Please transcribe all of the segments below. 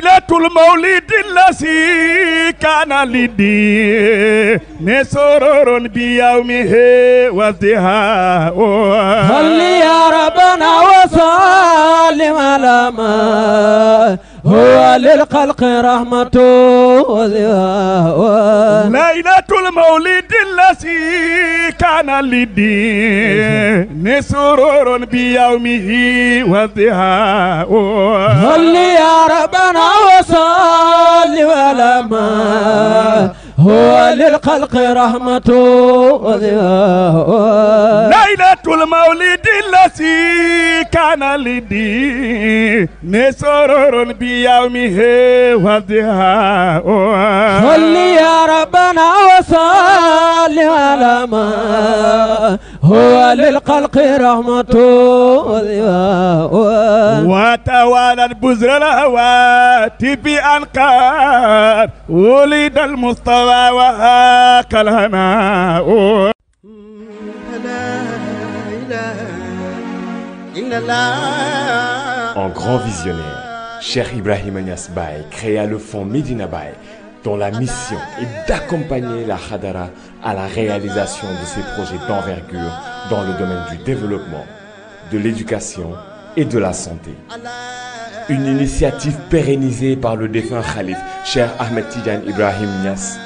laylatul mawlidi lasi kaana lidi ne sororon bi yawmihi wazdiha salli ya rabbana wa sallim ala ma هو للخلق رحمة ليلة المولد الذي كان للدين سرور بيومه وضحاه صل يا ربنا وصل ولما هو للخلق رحمة ليلة المولد الذي كان لدي نسرور بيومه وضحاه صلي يا ربنا وصلي على ما هو للخلق رحمة وتوالى البزر الهوات بأنقار ولد المصطفى وهاك الهناء En grand visionnaire, Cheikh Ibrahim Agnès Baye créa le fonds Medina Baye dont la mission est d'accompagner la Hadara à la réalisation de ses projets d'envergure dans le domaine du développement, de l'éducation et de la santé. Une initiative pérennisée par le défunt Khalif, Cheikh Ahmed Tidiane Ibrahim Niass,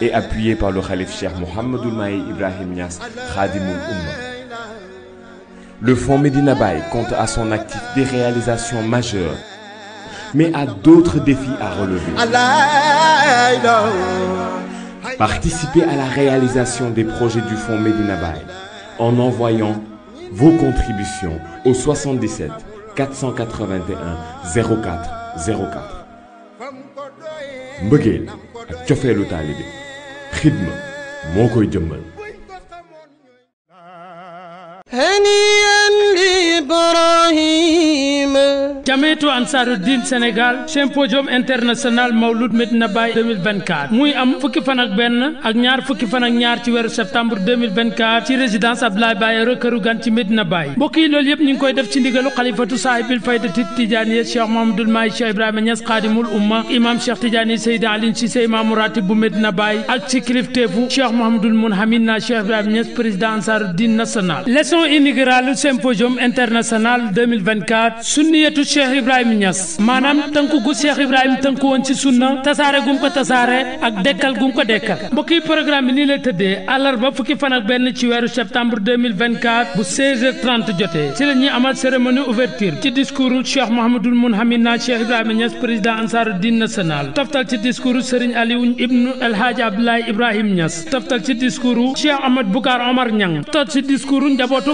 et appuyée par le Khalif Cheikh Mohamedoul Ibrahim Niass, Khadimoul Le fonds Medina compte à son actif des réalisations majeures mais à d'autres défis à relever. Participez à la réalisation des projets du Fonds Médina Baye en envoyant vos contributions au 77 481 04 04. mbëggeel ak cofeelu taalibe xidma jamiyatu ansaruddin Sénégal symposium international mawlud Medina Baye 2024 muy am fukki fan ak benn ak ñaar fukki fan ñaar ci weeru septembre ci résidence Abdoulaye Bayero këru gan ci Medina Baye mbokk yi loolu koy def ci ndigalu xalifatu saahibil faydati tijaaniya cheikh Mahamadul Maay cheikh Ibrahima Niass xaadimul umma imam cheikh Tidiane Seydi Aline Cissé imaamu ratib Medina Baye ak ci kilifteefu cheikh Mahamadul Munhamin na cheikh Ibrahima Niass njabootu Cheikh Ibrahima Niass maanaam tënku gu Cheikh Ibrahima tënku woon ci sunna tasaare gum ko tasaare ak dekkal gum ko dekkal mbokki programme bi nii lay tëddee àllarba fukki fan benn ci weeru septembre bu 16h30 jotee ci la ñuy amal cérémonie ouverture ci discoursu Cheikh Mouhamadoul Mounhamina Cheikh Ibrahima Niass président Ansaruddin national toftal ci discoursu Serigne Aliou ibnu El Hadj Abdoulaye Ibrahima Niass ci discoursu Cheikh Ahmed Boucar Omar Niang toftal ci discoursu njabootu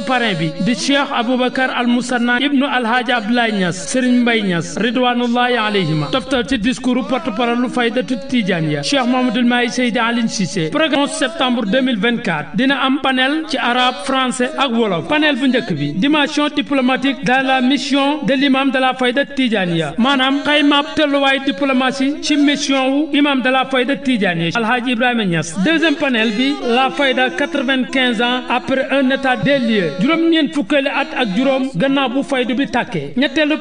Niass Serigne Mbaye Niass ridwanullahi alayhima toftal ci discours porte parole lu faydatu Tijaaniya Cheikh Mouhamadoul Mahi Seydi Aline Cissé programme 11 dina am panel ci arabe français ak wolof panel bu njëkk bi dimension diplomatique dans la mission de l'imam de la fayda Tijaaniya maanaam xaymaab tëlluwaay diplomatie ci mission wu imam de la fayda Tijaaniya Alhaji Ibrahima Niass deuxième bi la fayda ans après un état des lieux juróom-ñeent fukkeeli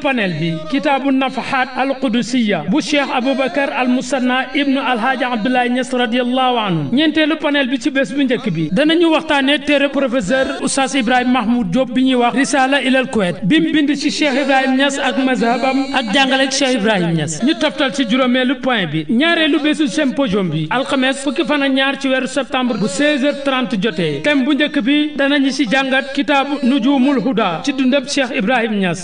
panel bi kitaabu nafahaat alqudusiya bu cheikh aboubacar al musanna ibnu alhaaji abdoulaye Niass radiallahu anhu ñeenteelu panel bi ci bés bu njëkk bi danañu waxtaane téere professeur oustaz ibrahima mahmoud diop bi ñuy wax risala ilal kuwet bi mu bind ci cheikh ibrahima Niass ak mazhabam ak jàngale cheikh ibrahima Niass ñu toftal ci juróomeelu point bi ñaareelu bésu symposium bi alxames fukki fan ak ñaar ci weeru septembre bu 16h30 jotee thème bu njëkk bi danañu ci jàngat kitaabu nujumul huda ci dundab cheikh ibrahima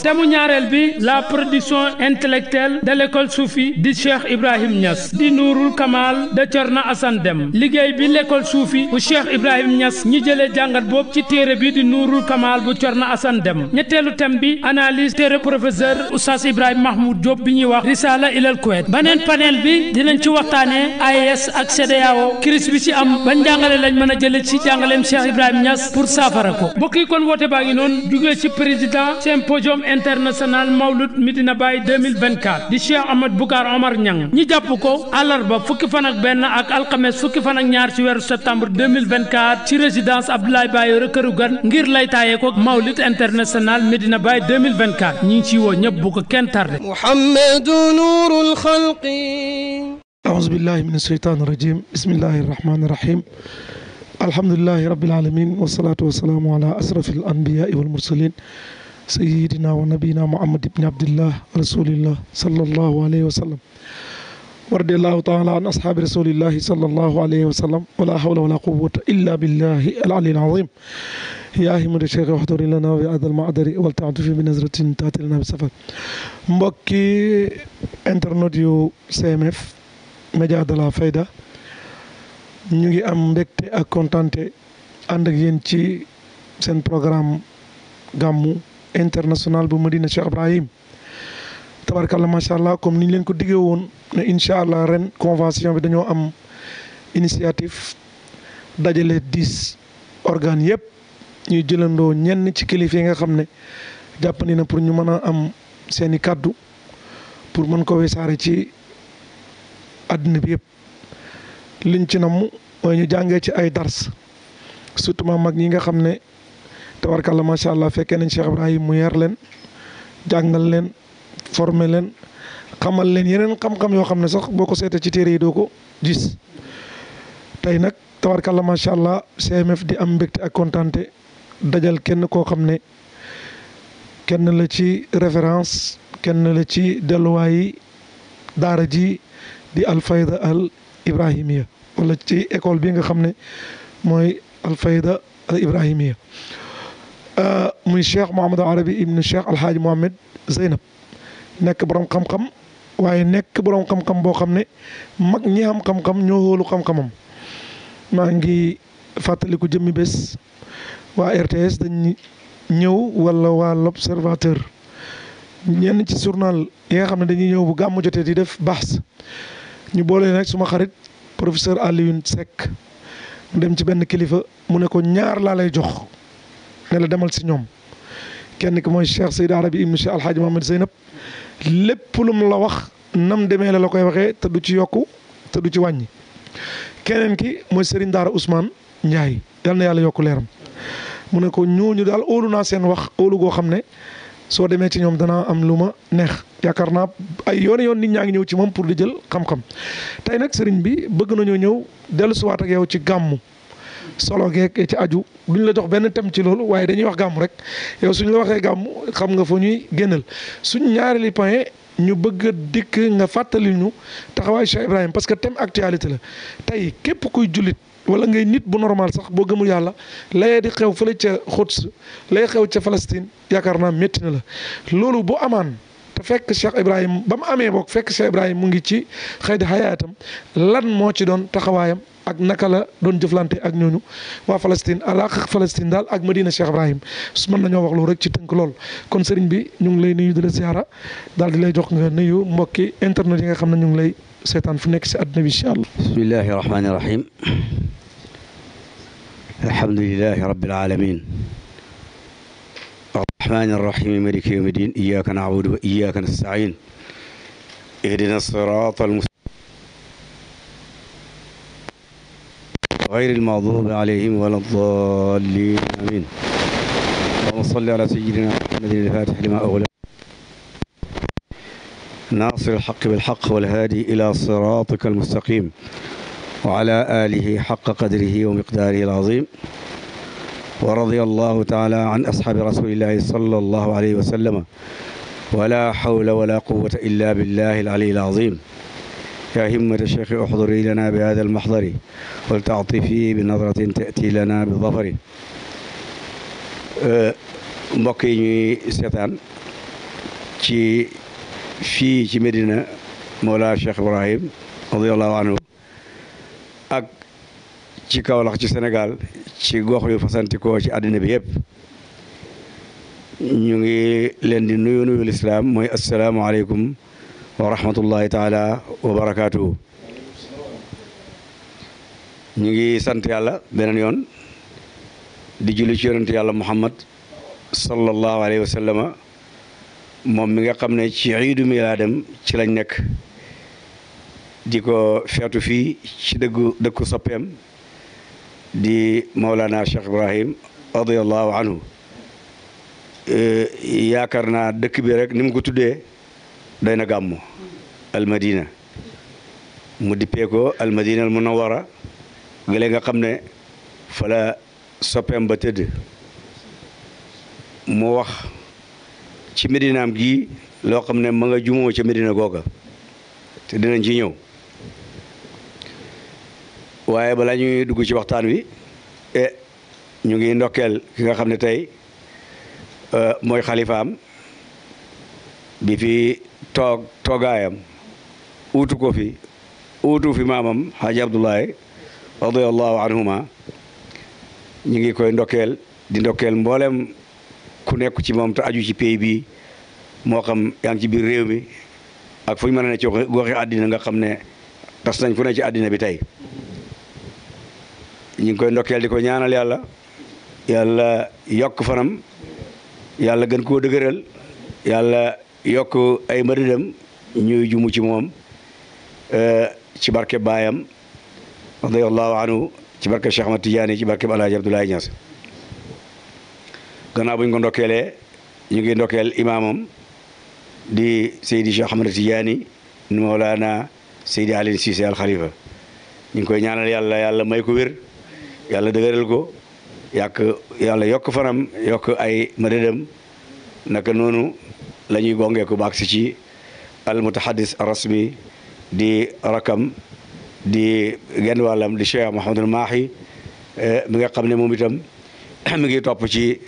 soutenir la production intellectuelle de l'école Soufi di Cheikh Ibrahim Niass di Nourul Kamal de Thierno Assane Deme liggéey bi lekkool Soufi bu Cheikh Ibrahim ñas ñi jëlee jàngat boobu ci téere bi di Nourul Kamal bu Thierno Assane Deme ñetteelu thème bi analyse téere professeur Oustaz Ibrahim Mahmoud Diop bi ñuy wax Risala ilal ba beneen panel bi dinañ ci waxtaanee AES ak CEDEAO crise bi ci am ban jàngale lañ mën a jële ci jàngaleem Cheikh Ibrahim Niass pour saafara mawlud Medina Baye 2024 di Cheikh Ahmad Boucar Omar Niang ñi jàpp ko àllarba fukki fan ak benn ak alxames fukki fan ak ñaar ci weeru septembre 2024 ci résidence Abdoulaye Baye Këru Gan ngir lay taayee ko mawlid international Medina Baye 2024 ñi ngi ciy woo ñëpp bu ko kenn tardé. Muhammadu nurul xalqi. أعوذ بالله من الشيطان الرجيم بسم الله الرحمن الرحيم الحمد لله رب العالمين والصلاة والسلام على أشرف sayyidina wa nabiyina muhammad ibni abdillah rasulillah sallallahu alayhi wa sallam wa radiallahu taala an ashaabi rasulillahi sallallahu alayhi wa sallam wala hawla wala quwwata illa billahi al-ali al-azim yaa himmatu cheikh waxturi lana bi hadha al-ma'dari wal ta'tufi bi nazratin ta'ti lana bi safar mbokki internet yu CMF média de la fayda ñu ngi am mbégte ak kontaante ànd ak yéen ci seen programme gàmmu international bu Medina Cheikh Ibrahim tabarkalla macha allah comme ni ñu leen ko diggee woon ne incha allah ren convention bi dañoo am initiative dajale diis organes yëpp ñuy jëlandoo ñenn ci kilifa yi nga xam ne jàppandi na pour ñu mën a am seeni kàddu pour mën ko wesaare ci àddina bi yëpp liñ ci namm mooy ñu jàngee ci ay dars surtout mag ñi nga xam ne. tabarkàlla macha allah fekkee nañ Cheikh Ibrahima mu yar leen jàngal leen former leen xamal leen yeneen xam-xam yoo xam ne sax boo ko seetee ci téere yi doo ko gis tey nag tabarkàlla macha allah CMF di am mbégte ak kontaante dajal kenn koo xam ne kenn la ci référence kenn la ci delluwaayi daara ji di alfayda al ibrahimiya wala ci école bi nga xam ne mooy alfayda al ibrahimiya Euh, muy cheikh Mouhamed Arabi ibnu cheikh Alhaji Mohamed Zeynab nekk boroom xam-xam waaye nekk boroom xam-xam boo xam ne mag ñi am xam-xam ñoo hóolu xam-xamam maa ngi fàttaliku jëmmi bés waa RTS dañ ñëw wala waa l'observateur ñenn ci journal yi nga xam ne dañuy ñëw bu gàmmu jotee di def baax ñu boole nag suma xarit professeur Alioune Seck mu dem ci benn kilifa mu ne ko ñaar laa lay jox. ne demal si ñoom kenn ki mooy Cheikh Seydi Arabi ibn Cheikh Alhaji Mohamed Zeynab lépp lum la wax nam demee la la koy waxee te du ci yokku te du ci wàññi keneen ki mooy Serigne Daara Ousmane Ndiaye yal na yàlla yokk leeram mu ne ko ñu daal óolu naa seen wax óolu goo xam ne soo demee ci ñoom danaa am lu ma neex yaakaar naa ay yoon yoon nit ñaa ngi ñëw ci moom pour di jël xam-xam tey nag sëriñ bi bëgg nañoo ñëw dellusiwaat ak yow ci gàmmu solo geek ci aju ñu la jox benn tem ci loolu waaye dañuy wax gàmmu rek yow suñ la waxee gàmm xam nga fu ñuy génnal suñ ñaareeli point ñu bëgg a dikk nga fàttali ñu taxawaayu Cheikh Ibrahima parce que thème actualité la tey képp kuy jullit wala ngay nit bu normal sax boo gëmul yàlla lay di xew fële ca Quds lay xew ca Palestine yaakaar naa métti na la loolu bu amaan te fekk Cheikh Ibrahima ba mu amee boog fekk Cheikh Ibrahima mu ngi ci xëy di lan moo ci doon taxawaayam. ak naka la doon jëflante ak ñooñu waa Palestine alaax Palestine daal ak Medina Cheikh Ibrahim su mën nañoo wax loolu rek ci tënk lool kon sëriñ bi ñu ngi lay nuyu di la ziara daal di lay jox nga nuyu mbokki internet yi nga xam ne ñu ngi lay seetaan fu nekk si àdduna bi incha allah. bismillahi rahmaani rahim alhamdulilahi rabbil alamin arrahmaani arrahim maliki yawmi din iyaka na'budu wa iyaka nasta'in ihdina siraatal غير المغضوب عليهم ولا الضالين آمين اللهم صل على سيدنا محمد الفاتح لما أغلق ناصر الحق بالحق والهادي إلى صراطك المستقيم وعلى آله حق قدره ومقداره العظيم ورضي الله تعالى عن أصحاب رسول الله صلى الله عليه وسلم ولا حول ولا قوة إلا بالله العلي العظيم يا همة الشيخ احضري لنا بهذا المحضر ولتعطفي بنظرة تأتي لنا بظفر mbokk yi ñuy seetaan ci fii ci Medina Mawla Cheikh Ibrahim radiyallahu anhu ak ci Kaolack ci Sénégal ci gox yu fasantikoo ci àddina bi yëpp ñu ngi leen di nuyu nuyu lislaam mooy asalaamaaleykum wa rahmatullahi taala wa ngi sant yàlla beneen yoon di julli ci yonent yàlla muhammad sallallahu alayhi wa moom mi nga xam ne ci iidu milaadam ci lañ nekk di ko feetu fii ci dëggu dëkku soppeem di Mawlana Cheikh Ibrahim radiallahu anhu yaakaar naa dëkk bi rek ni mu ko tuddee doy na gàmmu almadina mu dippee ko almadina al munawara gële nga xam ne fala la soppeem ba tëdd mu wax ci medinaam gii loo xam ne ma nga jumoo ca medina googa te dinañ ci ñëw waaye balaa ñuy dugg ci waxtaan wi e ñu ngi ndokkeel ki nga xam ne tey e, mooy xalifaam bi fi toog toogaayam uutu ko fi uutu fi maamam Haji Abdoulaye radiallahu anhuma ñu ngi koy ndokkeel di ndokkeel mboolem ku nekk ci moom te aju ci pays bi moo xam yaa ci biir réew mi ak fu ñu mën ne ci goxi àddina nga xam ne tas nañ fu ne ci àddina bi tey ñu ngi koy ndokkeel di ko ñaanal yàlla yokk fanam yàlla gën koo dëgëral yàlla yokk ay maridam ñuy jumu ci moom euh, ci barke baayam radiyallahu ci barke Cheikh Ahmad ci barke Alaaji Abdoulaye Niass gannaaw bu ñu ko ndokkeelee ñu ngi ndokkeel imaamam di Seydi Cheikh Ahmad Tidiane ni Mawlaana Seydi Alioune Cissé al Khalifa ñu ngi koy ñaanal yàlla yàlla may ko wér yàlla dëgëral ko yàq yàlla yokk fanam yokk ay madadam naka noonu la ñuy gongeeku ba agsi ci al mutahaddis rasmi di rakam di genn wàllam di Cheikh Mouhamadul Mahi eh, mi nga xam ne moom itam mi ngi topp ci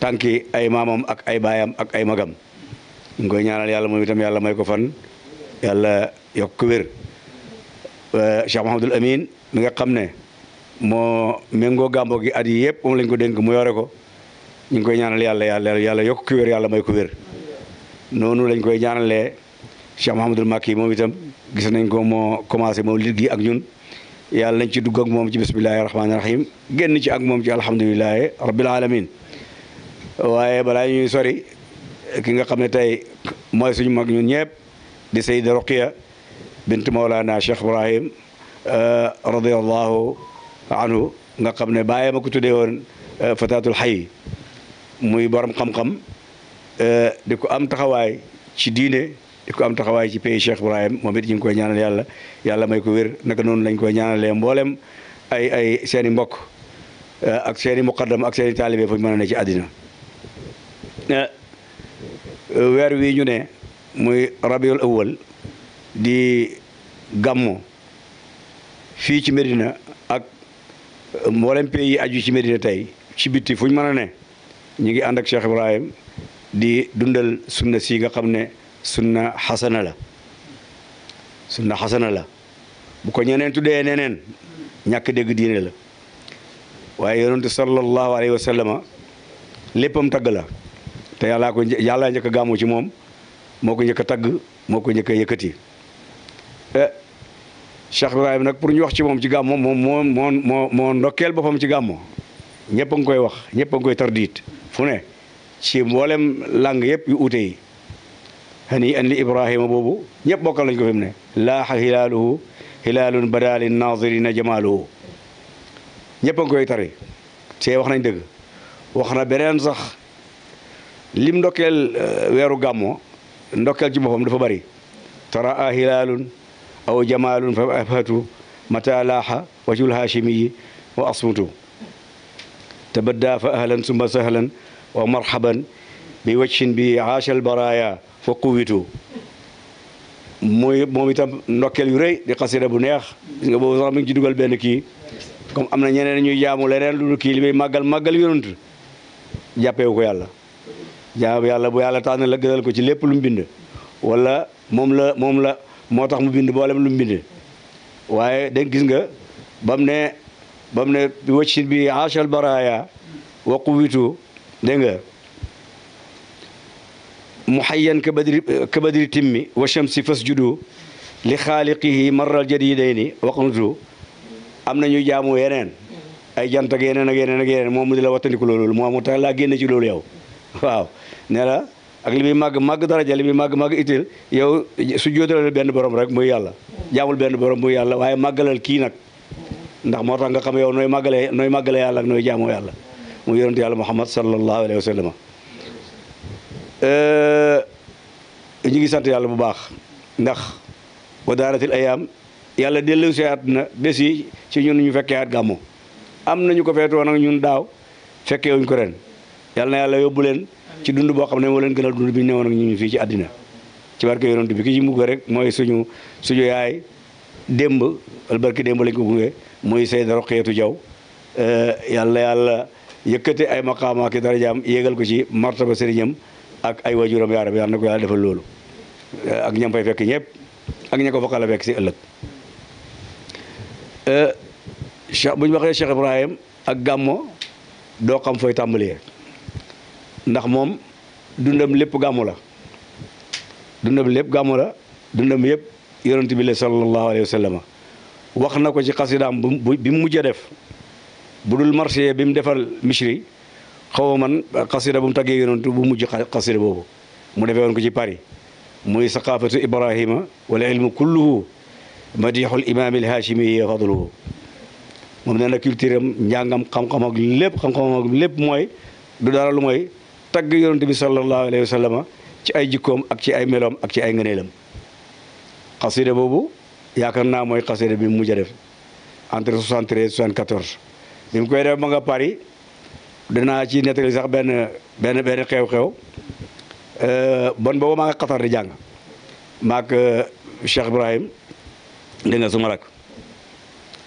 tànki ay maamam ak ay baayam ak ay magam ñu koy ñaanal yàlla moom itam yàlla may ko fan yàlla yokk ko wér eh, Cheikh Mouhamadul Amin mi nga xam ne moo méngoo gàmbo gi at yi yëpp moom lañ ko dénk mu yore ko ñu ngi koy ñaanal yàlla yàlla yàlla yokk ko yàlla may ko wér noonu lañ koy ñaanalee Cheikh Mouhamadul Makki moom itam gis nañ ko moo commencé moom lit gi ak ñun yàlla nañ ci dugg ak moom ci bisimilahi rahmaani rahim génn ci ak moom ci alhamdulilahi rabbil alamin waaye balaa ñuy sori ki nga xam ne tey mooy suñu mag ñun ñëpp di Sayida Ruqiya bint Mawlana Cheikh Ibrahim eh, radiallahu anhu nga xam ne bàyyee ma ko tuddee woon eh, Fatatul muy borom xam Euh, di ko am taxawaay ci diine di ko am taxawaay ci pays Cheikh Ibrahim moom it ñu ngi koy ñaanal yàlla yàlla may ko wér naka noonu lañ koy ñaanalee mboolem ay ay seen mbokk euh, ak seen i muqaddam ak seen i fu ñu mën a ci àddina euh, weer wi ñu ne muy rabiul awal di gàmmo fii ci Medina ak mboolem pays yi aju ci Medina tey ci bitti fu ñu mën ñu ngi ànd ak Cheikh Ibrahim di dundal sunna si nga xam ne sunna xasana la sunna xasana la bu ko ñeneen tuddee neneen ñàkk dégg diine la waaye yonentu sallallahu alayhi wa sallama léppam tagg la te yàllaa ko yàllaa njëkk a ci moom moo ko njëkk tagg moo ko njëkk a yëkkati eh, Cheikh Ibrahim nag pour ñu wax ci moom ci gàmmu moom moo moo moo moo ndokkeel boppam ci gàmmu ñëpp ngi koy wax ñëpp ngi koy tardiit fu ne ci mboolem langue yëpp yu uute hani an li ibrahima boobu ñëpp bokkal lañ ko fi mu ne laaxa hilaaluhu hilaalun badaali koy tari te wax nañ dëgg wax na beneen sax lim ndokkeel euh, weeru gàmmo ndokkeel ci boppam dafa bari taraa hilaalun aw jamaalun fa abhatu mata laaxa wajul haashimi wa asmutu tabaddaa fa ahlan summa sahlan wa marhaban bi waccin bi aachal baraya fa quwitu moom itam ndokkeel yu di xasida bu neex gis nga boobu sax mi ngi dugal benn kii comme am na ñeneen ñuy jaamu leneen lu kii li muy màggal màggal yonent jàppewu ko yàlla jaam yàlla bu yàlla tànn la gënal ko ci lépp lu mu bind wala moom la moom la moo tax mu bind boolem lu mu bind waaye dañ gis nga ba mu ne ba mu bi achal baraya wa quwitu dégg nga muhayyan ka badri ka badri timmi wa shamsi fasjudu li xaaliqihi marral jadidayni waqnutu am nañu jaamu yeneen ay jant ak yeneen ak yeneen ak yeneen moom mu di la wattandiku loolu moo mu tax laa génne ci loolu yow waaw ne la ak li muy màgg màgg daraja li muy màgg màgg itil yow su jóotalal benn borom rek muy yàlla jaamul benn borom muy yàlla waaye màggalal kii nag ndax moo tax nga xam yow nooy màggale nooy màggale yàlla ak nooy jaamoo yàlla mu yonent yàlla muhammad sallallahu alayhi wa sallam ñu ngi sant yàlla bu baax ndax wa daaratil ayaam yàlla dellu si at na bés yi ci ñun ñu fekkee at gàmmu am nañu ko feetoo nag ñun daaw fekkee wuñ ko ren yàlla yàlla yóbbu leen ci dund boo xam ne moo leen gënal dund bi ñu newoon ak ñu fii ci àddina ci barke yonent bi ki ci mugg rek mooy suñu suñu yaay démb al barke démb lañ ko gunge muy Seyda Roqeetu Jaw yàlla yàlla yëkkate ay maqaama ki darajaam yéegal ko ci martaba sëriñam ak ay wajuram yaa rabbi yàlla na ko yàlla defal loolu ak ñam fay fekk ñëpp ak ña ko fa xala fekk si ëllëg euh, cheikh bu ba waxee Cheikh Ibrahim ak gàmmo doo xam fooy tàmbalee ndax moom dundam lépp gàmmu la dundam lépp gàmmo la dundam yëpp yonent bi la sallallahu alayhi wa wax na ko ci xasidaam bi mu mujj def bu dul marché bi mu defal Misri xaw ma man xasida bu mu taggee yonantu bu mujj xasida boobu mu defee woon ko ci Paris muy saqaafatu Ibrahima wala ilmu kulluhu madixul imaamil haashimi fadluhu moom nee na culture am njàngam xam-xam ak lépp xam-xam lépp mooy du dara lu mooy tagg yonante bi sallallahu alayhi wa ci ay jikkoom ak ci ay meloom ak ci ay ngëneelam xasida boobu yaakaar naa mooy xasida bi mu mujj a def entre 73 bi mu koy def ma nga Paris dinaa ci nettali sax benn benn benn xew-xew euh, bon boobu maa nga Qatar di jàng maak euh, Cheikh Ibrahim dégg nga suma rak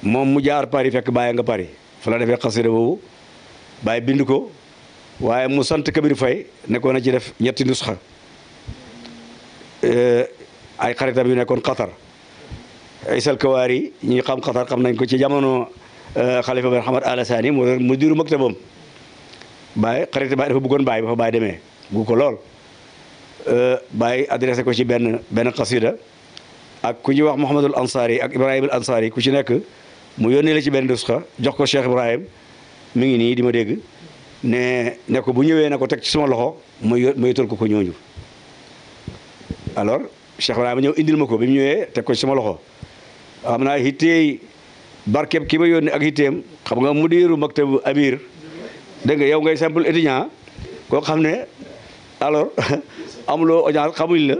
moom mu jaar Paris fekk bàyyi nga Paris fa la defee xasida boobu bàyyi bind ko waaye mu sant Kabir fay nekkoon a ci def ñetti nusxa euh, ay xaritam yu nekkoon Qatar ay sal kawaar yi ñuy xam Qatar xam nañ ko ci jamono xalifa euh, bi Ahmad Alassane moo mu diiru maktabam Baye xarit Baye dafa bëggoon Baye ba fa Baye demee bu ko lool euh, Baye adressé ko ci benn benn xasida ak ku ñuy wax Mouhamadul Ansari ak Ibrahima al Ansari ku ci nekk mu yónnee la ci benn nusxa jox ko Cheikh Ibrahim mu ngi nii di ma dégg ne ne bu ñëwee na ko teg ci suma loxo ma yë ma yëtal ko ko ñooñu alors Cheikh Ibrahima ñëw indil ma ko bi mu ñëwee teg ko ci sama loxo am naa hittey barkeeb ki ma yónni ak itteem xam nga mu diiru maktabu amir dégg nga yow ngay simple étudiant koo xam ne alors amuloo audience xamuñ la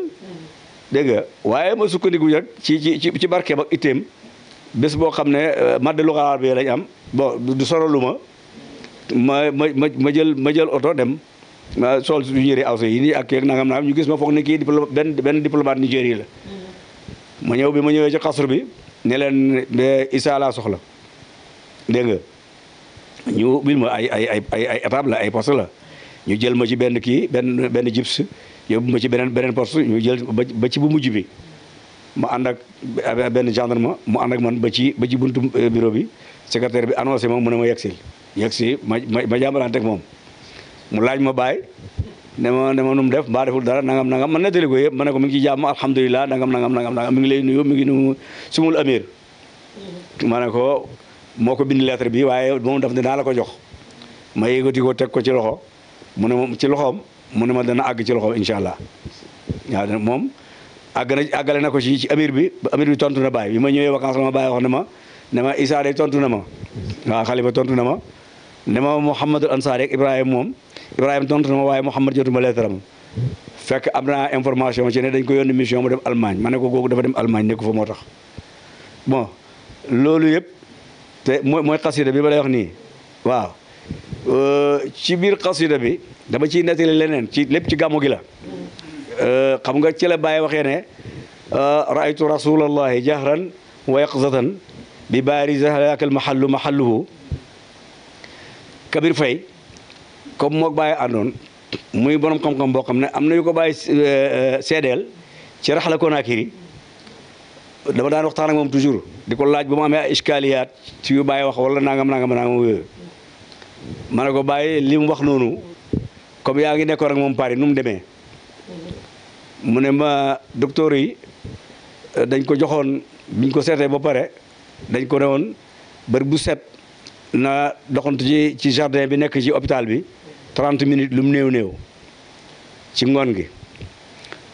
dégg nga waaye ma sukkandiku nag ci ci ci barkeeb ak iteem bés boo xam ne euh, madde lu xalaat bi lañ am bon du soralu ma ma ma ma jël ma jël oto dem ma sol suñu yëre awsa yi nii ak yeeg nangam nangam ñu gis ma foog ne kii diplomate benn benn diplomate Nigérie la ma ñëw bi ma ñëwee ci xasru bi ne leen Issa laa soxla dégg nga ñu ubbil ma ay ay ay ay ay étape la ay post la ñu jël ma ci benn kii benn benn jips yóbbu ma ci beneen beneen poste ñu jël ba ci bu mujj bi mu ànd ak benn gendarme mu ànd ak man ba ci ba ci buntu euh, bureau bi secrétaire bi annoncé ma mu ne ma yegsil yegsi ma ma jàmbalante ak moom mu laaj ma baay ne ma ne mu def mbaa deful dara nangam nangam man nettali ko yëpp ma ne ko mi ngi ci jàmm alhamdulilah nangam nangam nangam nangam mi ngi lay nuyu mi ngi nuyu sumul amir ma ne ko moo ko bind lettre bi waaye moom daf ne naa la ko jox ma yëgati ko teg ko ci loxo mu ne moom ci loxoom mu ne ma dana àgg ci loxoom incha allah waaw moom àgg na àggale na ko ci ci amir bi amir tontu na baay bi ma ñëwee vacances la ma bàyyi wax ne ma ne ma Issa de tontu na ma waaw xalifa tontu na ma ne ma Mouhamadul Ansar rek Ibrahima Ibrahima tontu na ma waaye Mouhamed jotuma lettre am fekk am naa information ci ne dañ ko yónni mission mu dem Allemagne ma ne ko googu dafa dem Allemagne nekku fa moo tax bon loolu yëpp te mooy mooy xasida bi ba lay wax nii waaw euh, ci biir xasida bi dama ciy nettali leneen ci lépp ci gàmmu gi la euh, xam nga ci la bàyyi waxee ne euh, raaytu rasulallahi jahran wa yaqzatan bi baari zahlakal mahallu mahalluhu kabir fay comme moo bàyyi àndoon muy borom xam-xam boo xam ne am na yu ko bàyyi euh, euh, seedeel ci Raxla Konaakiri dama daan wax ak moom toujours di ko laaj ba mu amee ay iskaaliyaat ci yu bàyyi wax wala nangam nangam nangam yooyu ma ne ko bàyyi li wax noonu comme yaa ngi nekkoon ak moom Paris nu mu demee mu ne ma docteur yi euh, dañ ko joxoon biñ ko seetee ba pare dañ ko ne woon bër bu set na doxantu ci ci jardin bi nekk ci hôpital bi 30 minutes lu mu néew néew ci ngoon gi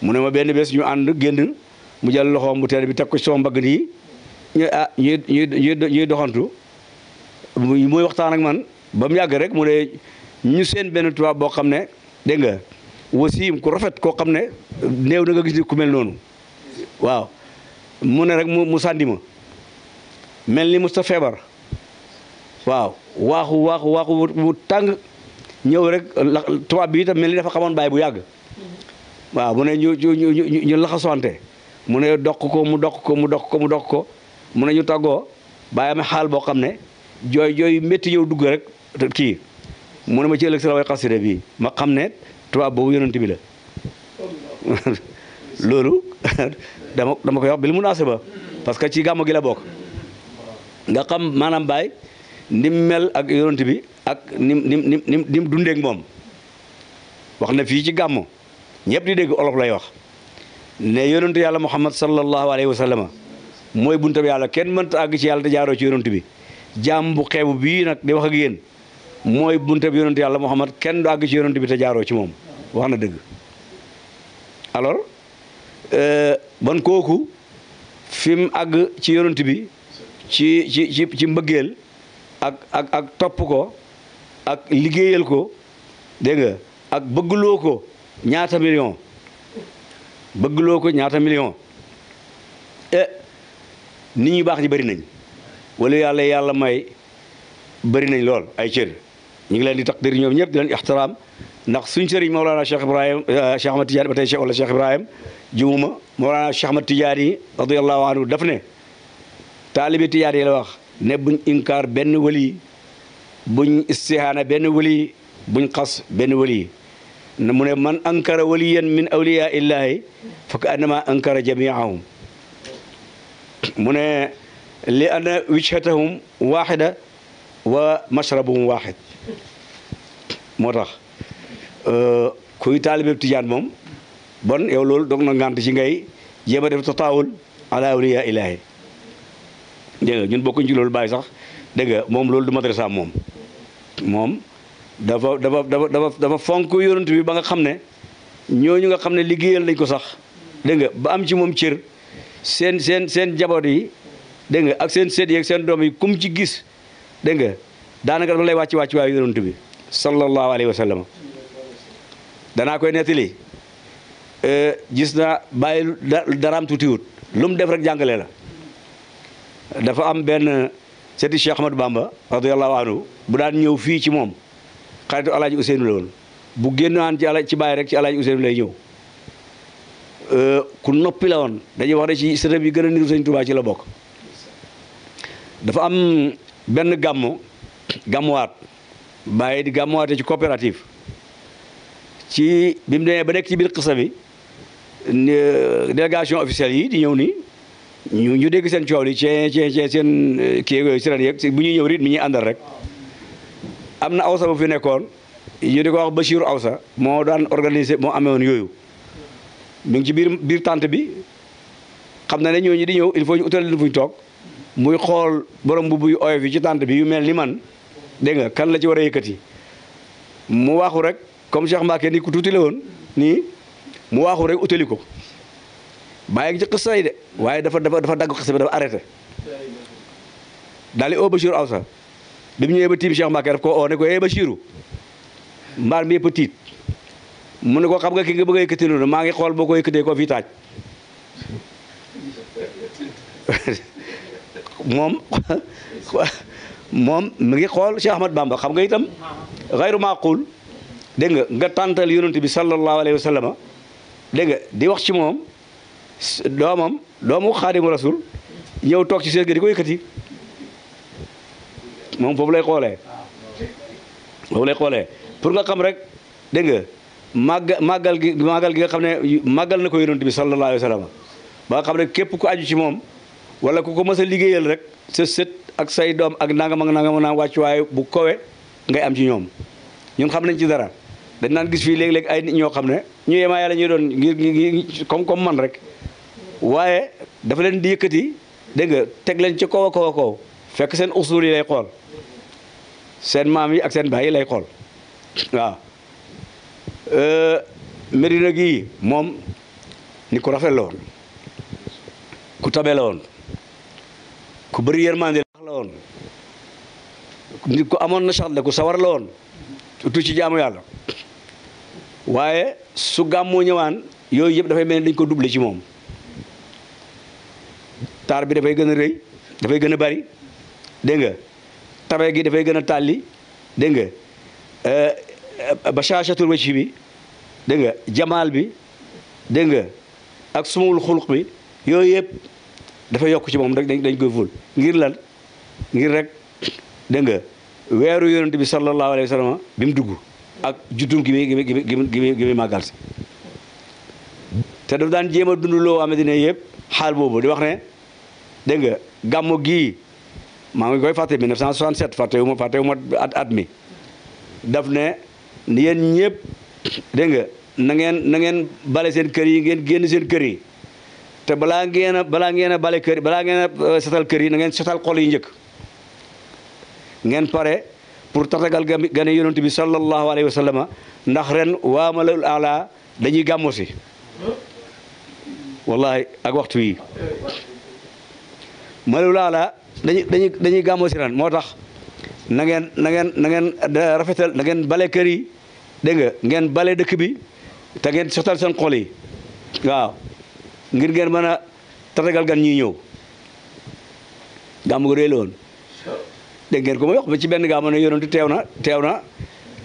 mu ne ma benn bés ñu ànd génn mu jël loxoom bu teel bi teg ko ci sama mbagg nii ñu ah ñuy ñuy ñuy doxantu muy waxtaan ak man ba mu yàgg rek mu ne ñu seen benn tubaab boo xam ne dégg nga wasiim ku rafet koo xam ne néew danga nga gis ni ku mel noonu waaw mu ne rek mu mu sàndi ma mel ni sa feebar waaw waaxu waaxu waaxu bu tàng ñëw rek tubaab bii tam mel ni dafa xamoon bàyyi bu yàgg waaw mu ne ñu ñu ñu ñu laxasante mu ne doq ko mu doq ko mu doq ko mu doq ko mu ne ñu tàggoo bàyyi amee xaal boo xam ne jooy jooy métti yow dugg rek kii mu ne ma ci ëllëg si bii ma xam ne tubaab boobu yonent bi la loolu dama dama koy wax bil ba parce que ci gàmmu gila la nga xam maanaam baay ni mel ak yonent bi ak nim nim nim nim dundeek moom wax na fii ci gàmmu ñëpp di dégg olof lay wax ne yonentu yàlla muhammad sallallahu alayhi wa sallama mooy buntab yàlla kenn mënta àgg ci yàlla te jaaroo ci yonentu bi jaam bu xeebu bii nag di wax ak yéen mooy buntab yonentu yàlla kenn du àgg ci yonentu jaaroo ci moom wax na dëgg alors euh, ban kooku fi mu ci yonent bi ci ci ci ci mbëggeel ak ak ak topp ko ak liggéeyal ko dégg nga ak bëggloo ko ñaata million bëggloo ko ñaata million eh ni ñu baax ñu bëri nañ wala yàlla yàlla may bëri nañ lool ay cër ñu ngi leen di taqdir ñoom ñëpp di leen ixtiraam ndax suñ sëriñ Mawlana Cheikh Ibrahim eh, Cheikh Ahmad Tidiane ba tey Cheikh wala Cheikh Ibrahim jumuma Mawlana Cheikh Ahmad Tidiane yi anhu daf ne taalibi Tidiane wax ne buñ benn wali buñ istihaana benn wali buñ xas benn wali na mu ne man ankara waliyan min awliya illahi fa ka annama ankara jamiahum mu ne li anna wijhatahum waxida wa mashrabuhum waxid moo tax euh, kuy taalibeb tijaan moom bon yow loolu dog na ngant ci ngay jéem a def tataawul ala awliya illahi dégg nga ñun bokkuñ ci loolu bàyyi sax dégg nga moom loolu du madrasa moom moom dafa dafa dafa dafa dafa fonk yonent bi ba nga xam ne ñooñu nga xam ne liggéeyal nañ ko sax dégg nga ba am ci moom cër seen seen seen jaboot yi dégg nga ak seen seet yi ak seen doom yi kum ci gis dégg nga daanaka dafa lay wàcc wàcc waayu yonent bi sallallahu alayhi wa sallam danaa koy nettali euh, gis naa bàyyi daraam tuutiwut lu mu def rek jàngale la dafa am benn sëti Cheikh Ahmadou Bamba radiyallahu anhu bu daan ñëw fii ci moom xaritu alaaji Ousseynou la woon bu génnaan ci alaaji ci bàyyi rek ci alaaji Ousseynou lay ñëw euh, ku noppi la woon dañuy wax de ci sëtam yi gën a niru Sëñ Tuubaa ci la bokk dafa am benn gàmmo gàmmuwaat bàyyi di gàmmuwaate ci coopérative ci bi mu demee ba nekk ci biir xisa bi délégation officielle yi di ñëw nii ñu ñu dégg seen coow li ci ci ci cee eh, kii yooyu sireen yeeg bu ñuy ñëw rythme ñuy àndal rek am na awsa bu fi nekkoon ñu di ko wax Bachir awsa moo daan organisé moo amee yooyu mu ngi ci biir biir tànt bi xam na ne ñooñu di ñëw il faut ñu utal leen fu toog muy xool borom mbubb yu oyof yi ci tante bi yu mel ni man dégg nga kan la ci war a yëkkati mu waaxu rek comme Cheikh Mbacke ni ku tuuti la woon nii mu waaxu rek utali ko. bàyyi ci xissa yi de waaye dafa dafa dafa dagg xissa bi dafa arrêté daal di oo Bachir Awsa bi mu ñëwee ba tiim Cheikh Mbacké daf ko oo ko ee Bachiru mbaar mi yëpp tiit mu ne ko xam nga ki nga bëgg a yëkkati maa ngi xool boo ko yëkkatee koo fii taaj moom moom mu ngi xool Cheikh Ahmad Bamba xam nga itam xayru maaqul dégg nga nga tàntal yonent bi sallallahu alayhi wa sallam dégg nga di wax ci moom doomam doomu xaadimu rasul ñëw toog ci sees gi di ko yëkkati moom foofu lay xoolee foofu lay xoolee pour nga xam rek dégg nga màgg màggal gi màggal gi nga xam ne màggal na ko yonent bi sallallahu alayhi wa sallam ba nga xam ne képp ku aju ci moom wala ku ko mës a liggéeyal rek sa sët ak say doom ak nangam ak nangam naa wàccuwaay bu kowe ngay am ci ñoom ñun xam nañ ci dara dañ naan gis fii léeg-léeg ay nit ñoo xam ne ñu yemaa yàlla ñuy doon ngir comme comme man rek waaye dafa leen di yëkkati dégg nga teg leen ci kaw a kaw a kaw fekk seen usul lay xool seen maam yi ak seen baay yi lay xool waaw euh, Medina gii moom ni ku rafet la woon ku tabe la woon ku bëri yërmande la woon ni ku amoon na sax la ku sawar la woon surtout ci jaamu yàlla waaye su gàmmoo ñëwaan yooyu yëpp dafay mel dañ ko doublé ci moom taar bi dafay gën a rëy dafay gën a bari dégg nga tabe gi dafay gën a tàlli dégg nga eh, bashashatul wajhi bi dégg nga jamaal bi dégg nga ak sumawul xuluq bi yooyu yëpp dafa yokk ci moom rek dañ koy ful ngir lan ngir rek dégg nga weeru yonent bi sallallahu alayhi wa sallam dugg ak juddum gi muy gi muy gi muy màggal si te daf daan jéem a dund loo Madina yëpp xaal boobu di wax ne dégg nga gàmmu gii maa ngi koy fàtte 1967 fàtte wu ma fàtte wu ma at at mi daf ne yéen ñëpp dégg nga na ngeen na ngeen bale seen kër yi ngeen génn seen kër yi te balaa ngeen a balaa ngeen a bale kër balaa ngeen a euh, setal kër yi na ngeen setal xol yi njëkk ngeen pare pour tatagal gane yonent bi sallallahu alayhi wa sallama ndax ren waa malul ala dañuy gàmmu si wallahi ak waxtu yi maliw laala ah, dañuy dañuy dañuy gàmmoo si moo tax na ngeen na ngeen na ngeen rafetal na ngeen bale kër yi dégg nga ngeen bale dëkk bi te ngeen soxtal seen xol yi waaw ngir ngeen mën a tatagal gan ñuy ñëw gàmmu gu réy la woon ngeen ko ma yokk ba ci benn na ne yonentu teew na teew na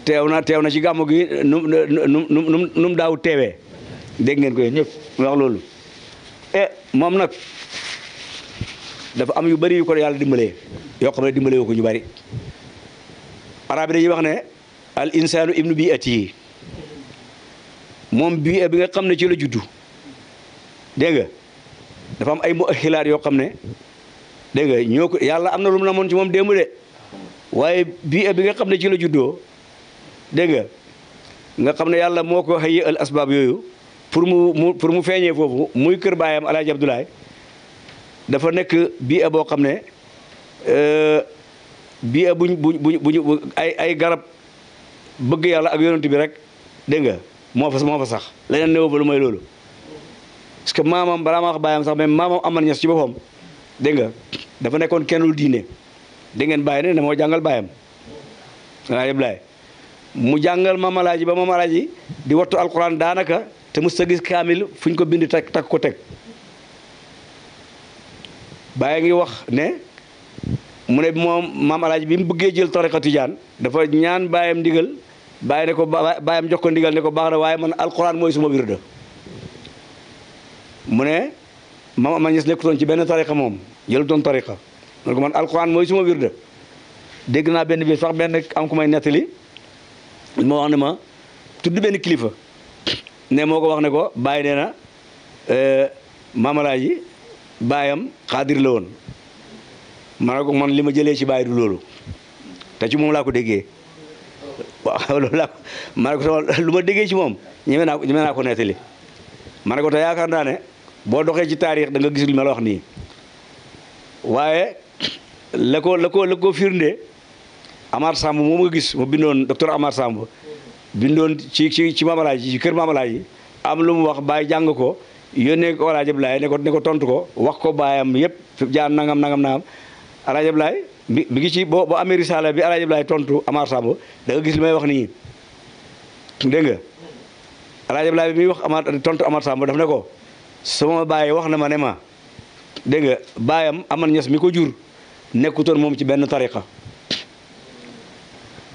teew na teew na ci gàmmu gi nu nu nu daaw teewe dégg ngeen ko yéen ñëpp wax loolu e moom nag dafa am yu bari yu ko yàlla dimbalee yoo xam ne dimbalee wu ko ñu bari arab yi dañuy wax ne al insaanu ibnu bi at atihi moom bi bi nga xam ne ci la juddu dégg nga dafa am ay mu yoo xam ne dégg nga ñoo ko yàlla am na lu mu namoon ci moom démb de waaye bi bi nga xam ne ci la juddoo dégg nga nga xam ne yàlla moo ko xëyi al asbaab yooyu pour mu mu pour mu feeñee foofu muy kër baayam alaaji Abdoulaye dafa nekk bii a boo xam ne euh, bii buñ buñ buñ buñ ay ay garab bëgg yàlla ak yonent bi rek dégg nga moo fa moo fa sax leneen néew ba lu may loolu parce que maamam balaa ma wax bàyyam sax mais maamam amal ñes ci boppam dégg nga dafa nekkoon kenn lu diine dégg ngeen bàyyi ne ne moo jàngal baayam sanaa yëpp mu jàngal mamalaaji ba mamalaaji di wattu alquran daanaka te mos a gis kaamil fu ñu ko bind teg takk ko teg bàyyi ngi wax ne mu ne moom maam bi mu bëggee jël tariqa tijaan dafa ñaan baayam ndigal bàyyi ne ko baayam jox ko ndigal ne ko baax na waaye man alquran mooy suma wirda mu ne maam ama ñes ci benn tariqa moom jëlutoon tariqa man mooy suma wirda naa benn bi sax benn am ku may nettali moo wax ne ma tudd benn kilifa ne moo ko wax ne ko bàyyi ne na euh, maam baayam xaadir la woon ne ko man li ma jëlee ci baay du loolu te ci moom laa ko déggee waaw loolu ma déggee ci moom ñeme naa ko ñeme naa ko nettali ma ne ko te yaakaar naa ne boo doxee ci taarix da nga gis li ma la wax nii waaye la ko la ko la ko firnde Amar Samb moom nga gis mu bindoon docteur Amar Samb bindoon ci ci ci mamalaaji ci kër mamalaaji am lu mu wax bàyyi jàng ko yónnee ko laay ne ko ne ko tontu ko wax ko baayam yëpp jaar nangam nangam nangam alaajab laay bi bi ngi ci boo boo amee risaala bi alaajab laay tontu Amar Samb da gis may wax nii nga alaajab laay muy wax Amar tontu Amar Samb daf ne ko sama baay wax na ma ne ma dégg nga baayam aman ñas mi ko jur nekkutoon moom ci benn tariqa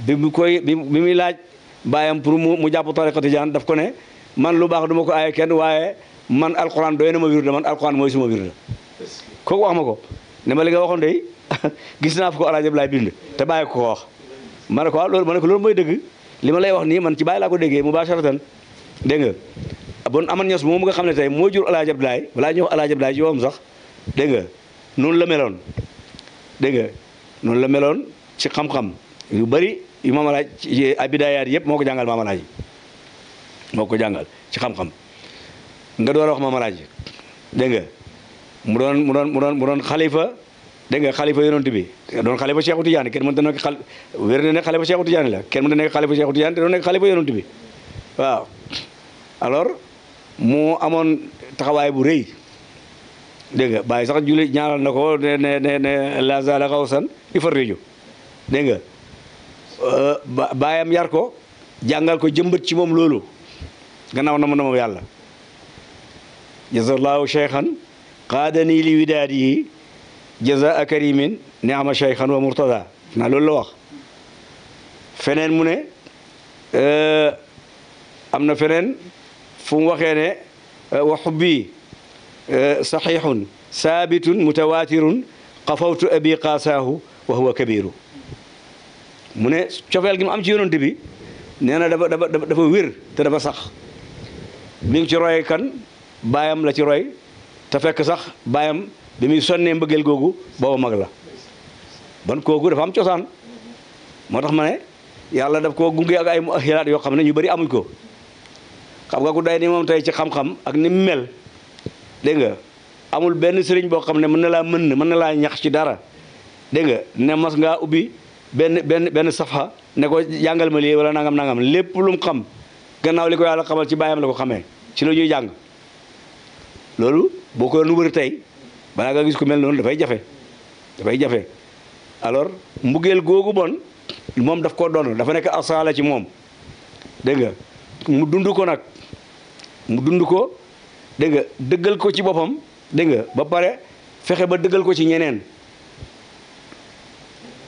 bi mu koy bi muy laaj baayam pour mu mu jàpp tariqa tijaan daf ko ne man lu baax duma ko aaye kenn waaye man alquran doy na ma wirde man alquran mooy suma wirde kooku wax ma ko ne ma li nga waxoon de gis naa fu ko alaajab laay bind te bàyyi ko ko wax ma ne ko waaw ah, loolu ma ne ko loolu mooy dëgg li ma lay wax nii man ci bàyyi laa ko déggee tan dégg nga ah, bon aman ños moom nga xam ne tey moo jur alaajab laay balaa ñuy wax alaajab laay ci yoom sax dégg nga noonu la meloon dégg nga noonu la meloon ci xam-xam yu bari yu maamalaaj abidaayaat yëpp moo ko jàngal maamalaaj moo ko jàngal ci xam-xam nga door a wax maam alaaji dégg nga mu doon mu doon mu doon mu doon xalifa dégg nga xalifa yonent bi doon xalifa Cheikh Tidiane ken man nekk xal wér na ne xalifa Cheikh Tidiane la kenn mënta nekk xalifa Cheikh Tidiane te doon nekk xalifa yonent bi waaw alors mu amoon taxawaay bu rëy dégg nga bàyyi sax julli ñaaral na ko ne ne ne ne lazala xawsan ifarriju dégg nga euh, baayam yar ko jàngal ko jëmbat ci moom loolu gannaaw na ma na ma yàlla jazallahu cheikhan qaadani li widaadihi jaza karimin neama cheikhan wa murtada naa loolu la wax feneen mu ne eh, am na feneen fu mu waxee ne eh, wa xubbi eh, saxiixun saabitun mutawaatirun xafawtu abi qaasaahu wa huwa kabiru mu ne cofeel gi mu am ci yonent bi nee na dafa dafa dafa wér te dafa sax mi ngi ci roye kan baayam la ci roy te fekk sax baayam bi muy sonnee mbëggeel googu booba mag la ban kooku dafa am cosaan moo tax ma ne yàlla daf koo gunge ak ay xilaat yoo xam ne ñu bari amuñ ko xam nga ku day ni moom tey ci xam ak ni mu mel dégg nga amul benn sëriñ boo xam ne mën na laa mën mën na laa ñax ci dara dégg ne mas ngaa ubbi benn benn benn safa ne ko jàngal ma lii wala nangam nangam lépp lu mu xam gannaaw li ko yàlla xamal ci bàyyam la ko xamee ci la ñuy jàng loolu boo ko doon wër tey balaa nga gis ku mel noonu dafay jafe dafay jafe alors mbugeel googu bon moom daf koo doon dafa nekk asaala ci moom dégg nga mu dund ko nag mu dund ko dégg nga dëggal ko ci boppam dégg nga ba pare fexe ba dëggal ko ci ñeneen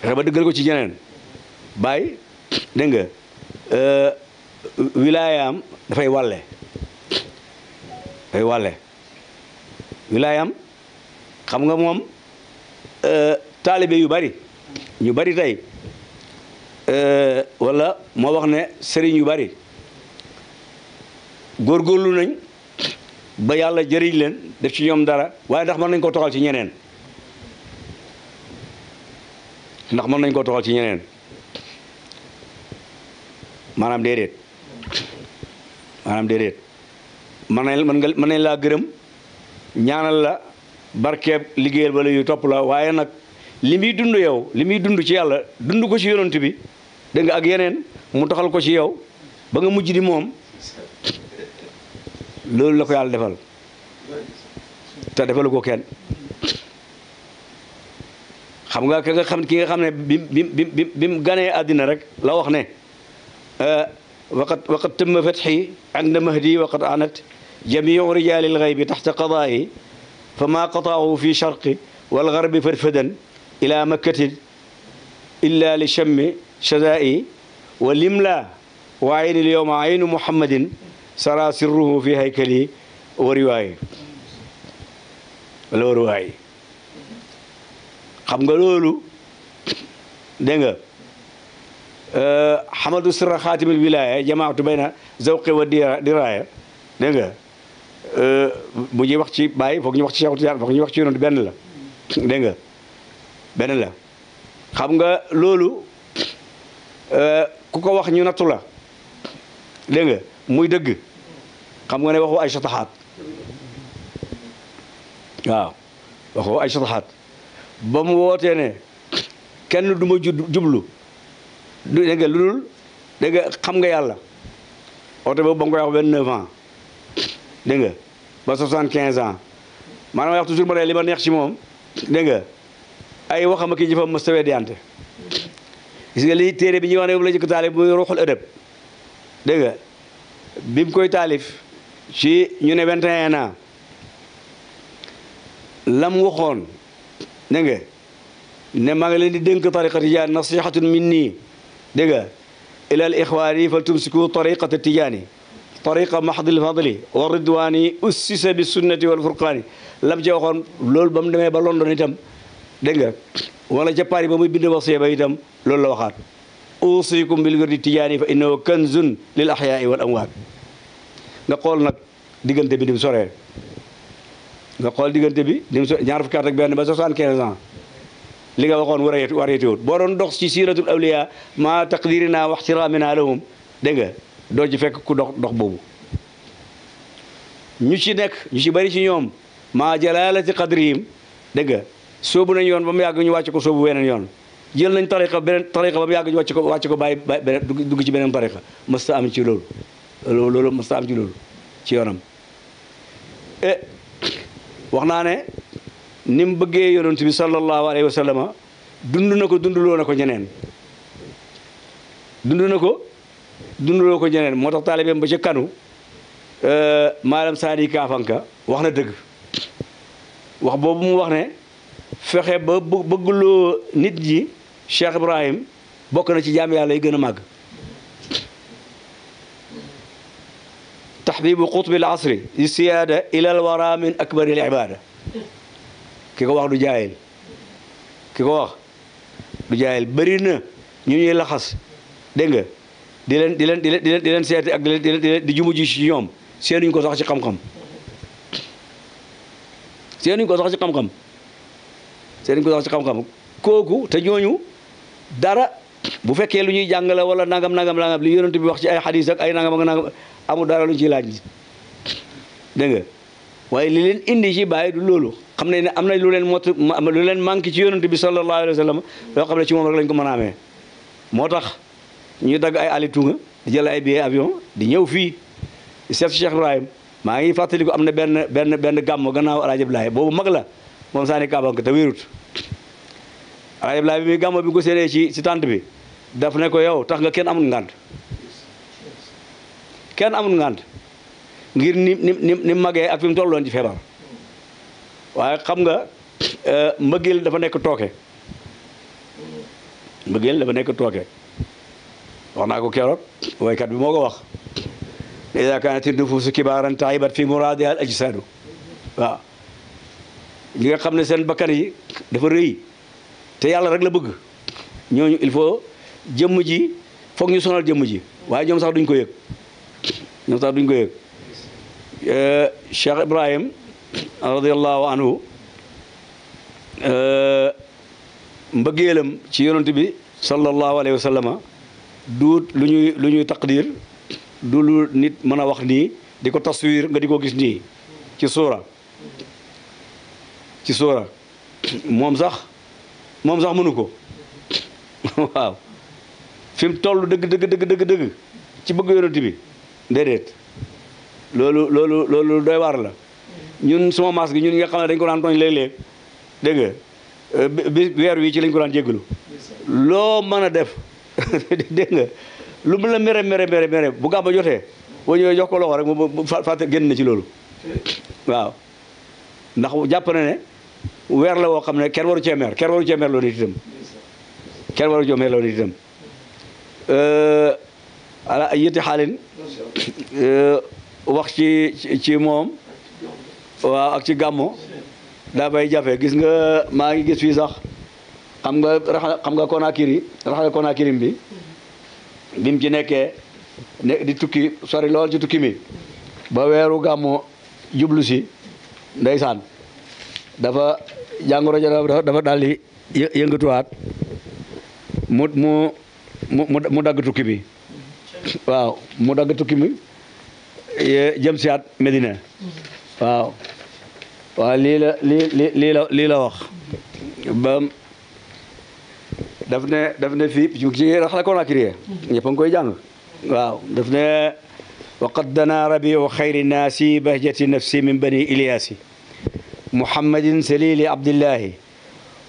fexe ba dëggal ko ci ñeneen baay dégg nga euh, wilaayaam dafay walle dafay walle wilaayam xam nga moom euh, taalibe yu bari ñu bari tey euh, walla moo wax ne sëriñ yu bari góor góorgóorlu nañ ba yàlla jëriñ leen def ci ñoom dara waaye ndax mën nañ ko toxal ci ñeneen ndax mën nañ ko toxal ci ñeneen maanaam déedéet maanaam déedéet mën nañ mën nga mën nañ laa gërëm ñaanal la barkeeb liggéeyal ba la yu topp la waaye nag li muy dund yow li muy dund ci yàlla dund ko ci yonent bi dégg nga ak yeneen mu toxal ko ci yow ba nga mujj di moom loolu la ko yàlla defal te defalu ko kenn xam nga ki nga xam ki nga xam ne bi bi bi mu ganee àddina rek la wax ne waqat waqat tëmma fatxi ànd mahdi waqat anat jamiu rijalil xaybi taxta qadaayi fa maa qataahu fi charqi wal garbi farfadan ila makkatin illa li chammi shadaa'i wa limla waayni lyowma aynu muhammadin sara sirruhu fi haykali wa riwaayi wala wa riwaayi xam nga loolu dégg nga xamadu euh, sirra xaatimil wilaaya jamaatu bayna zawqi wa diraaya dégg nga Euh, bu ñuy wax ci baay foog ñu wax ci Cheikh Tidiane foog ñu ci yoonu benn la dégg nga benn la xam nga loolu euh, ku ko wax ñu nattu la dégg nga muy dëgg xam nga ne waxu ay sataxaat waaw waxu ay sataxaat ba mu wootee ne kenn duma ma jublu dégg nga lu dul dégg xam nga yàlla oote boobu ba nga koy wax vingt dégg nga ba 75 ans maanaam wax toujours ma ne li ma neex ci moom dégg nga ay waxam ak i jëfam ma sawee diante gis nga lii téere bi ñuy wax ne moom la jëkk taalif muy ruuxul ëdëb dégg nga bi mu koy taalif ci ñu ne 21 ans lam waxoon dégg nga ne maa ngi leen di dénk tariqa tijaan nasihatun min nii dégg nga ilal ixwaani fal tumsiku tariqata tijaani tariqa mahdil fadli wa ridwani ussisa bi sunnati wal furqaani lam ca waxoon loolu ba mu demee ba London itam dégg nga wala ca Paris ba muy bind wax ba itam loolu la waxaat uusikum bil wirdi tijaani fa innahu kanzun lil ahyaai wal amwaat nga xool nag diggante bi ni mu soree nga xool diggante bi ni mu so ñaar fukki at ak benn ba soixante-quinze ans li nga waxoon wareet wareetiwut boo doon dox ci siiratul awliya ma taqdirina wa ixtiraamina lahum dégg nga doo ci fekk ku dox dox boobu ñu ci nekk ñu ci bari ci ñoom maa jalalati qadrihim dégg nga soobu nañ yoon ba mu yàgg ñu wàcc ko soobu weneen yoon jël nañ tariqa beneen tariqa ba mu yàgg ñu wàcc ko wàcc ko bàyyi beneen dugg ci beneen tariqa mësta am ci loolu loolu mësta am ci loolu ci yoonam e wax naa ne ni mu bëggee yonent bi sallallahu alayhi wa sallama dund na ko dunduloo na ko ñeneen dund na ko dundaloo ko ñeneen moo tax taalibeem ba ca kanu euh, saadi kaafanka wax na dëgg wax boobu mu wax ne fexe ba bëgguloo nit ñi Cheikh Ibrahim bokk na ci jaam yàlla yi gën a màgg taxbibu qutbi l asri yu siyaada ila al wara min akbari l ibada ki wax du jaayil ki ko na ñu laxas dégg di leen di leen di leen di leen seeti ak di leen di di jumu ji ci ñoom seenuñ ko sax ci xam-xam seenuñ ko sax ci xam-xam seenuñ ko sax ci xam kooku te ñooñu dara bu fekkee lu ñuy jàngale wala nangam nangam nangam li yonent bi wax ci ay xadis ay nangam ak nangam amul dara lu ñu ciy laaj dégg nga waaye li leen indi ci bàyyi du loolu xam nañ ne am na lu leen mot lu leen manqué ci yonent bi sallallahu alayhi wa sallam loo xam ne ci moom rek lañ ko mën a amee moo tax ñuy dagg ay alitunga di jël ay billet avion di ñëw fii seet Cheikh Ibrahim maa ngi fàttaliku am na benn benn benn gàmmu gannaaw El Hadj boobu mag la moom Sani Kabank te wéerut El Hadj Abdoulaye bi bi ko séenee ci ci bi daf ne ko yow tax nga kenn amul ngànt kenn amul ngànt ngir ni ni magee ak fi mu tolloon ci feebar waaye xam nga euh, mbëggeel dafa nekk tooke mbëggeel dafa nekk tooke. wax naa ko keroog waykat bi moo ko wax ida kaanati nufuusu kibaaran taayibat fi muraadiha al ajsaadu waaw ñi nga xam ne seen bakkan yi dafa rëy te yàlla rek la bëgg ñooñu il faut jëmm ji foog ñu sonal jëmm ji waaye ñoom sax duñ ko yëg duñ ko yëg euh, Cheikh Ibrahim radiallahu anhu euh, mbëggeelam ci yonent bi sallallahu alayhi wa sallama duut lu ñuy lu ñuy taqdir du lu nit mën a wax nii di ko taswir nga di ko gis nii ci suura ci suura moom sax moom sax mënu ko waaw fi mu toll dëgg dëgg dëgg dëgg ci bëgg yonent bi déedéet loolu loolu loolu doy waar la ñun suma mas gi ñun nga xam ne dañ ko daan tooñ léeg-léeg dégg nga euh, bi weer wi ci lañ ko daan jéggalu loo mën a def dégg nga lu mu la mere mere mere bu gàmba jotee boo ñëwee jox ko loxo rek moom fàtte génn na ci loolu waaw ndax jàpp na ne weer la woo xam ne kenn waru cee mer kenn waru cee mer loolu nit itam kenn waru cee loolu nit itam ala ay yëti xaalin wax ci ci moom waaw ak ci gàmmo daa bay jafe gis nga maa ngi gis fii sax xam nga raxa xam nga Conakry raxal Conakry bi bi ci nekkee di tukki sori lool ci tukki mi ba weeru gàmmu jublu si ndeysaan dafa jàngoro ja dafa daal yëngatuwaat mu mu mu mu dagg tukki bi waaw mu dagg tukki mi jëm si at waaw lii la lii la lii la wax daf ne daf ne fii ju ci rax la Conakry ñëpp a ngi koy jàng waaw daf ne waqad dana rabiu xayri naasi bahjati nafsi min bani iliyaasi muhammadin salili abdillahi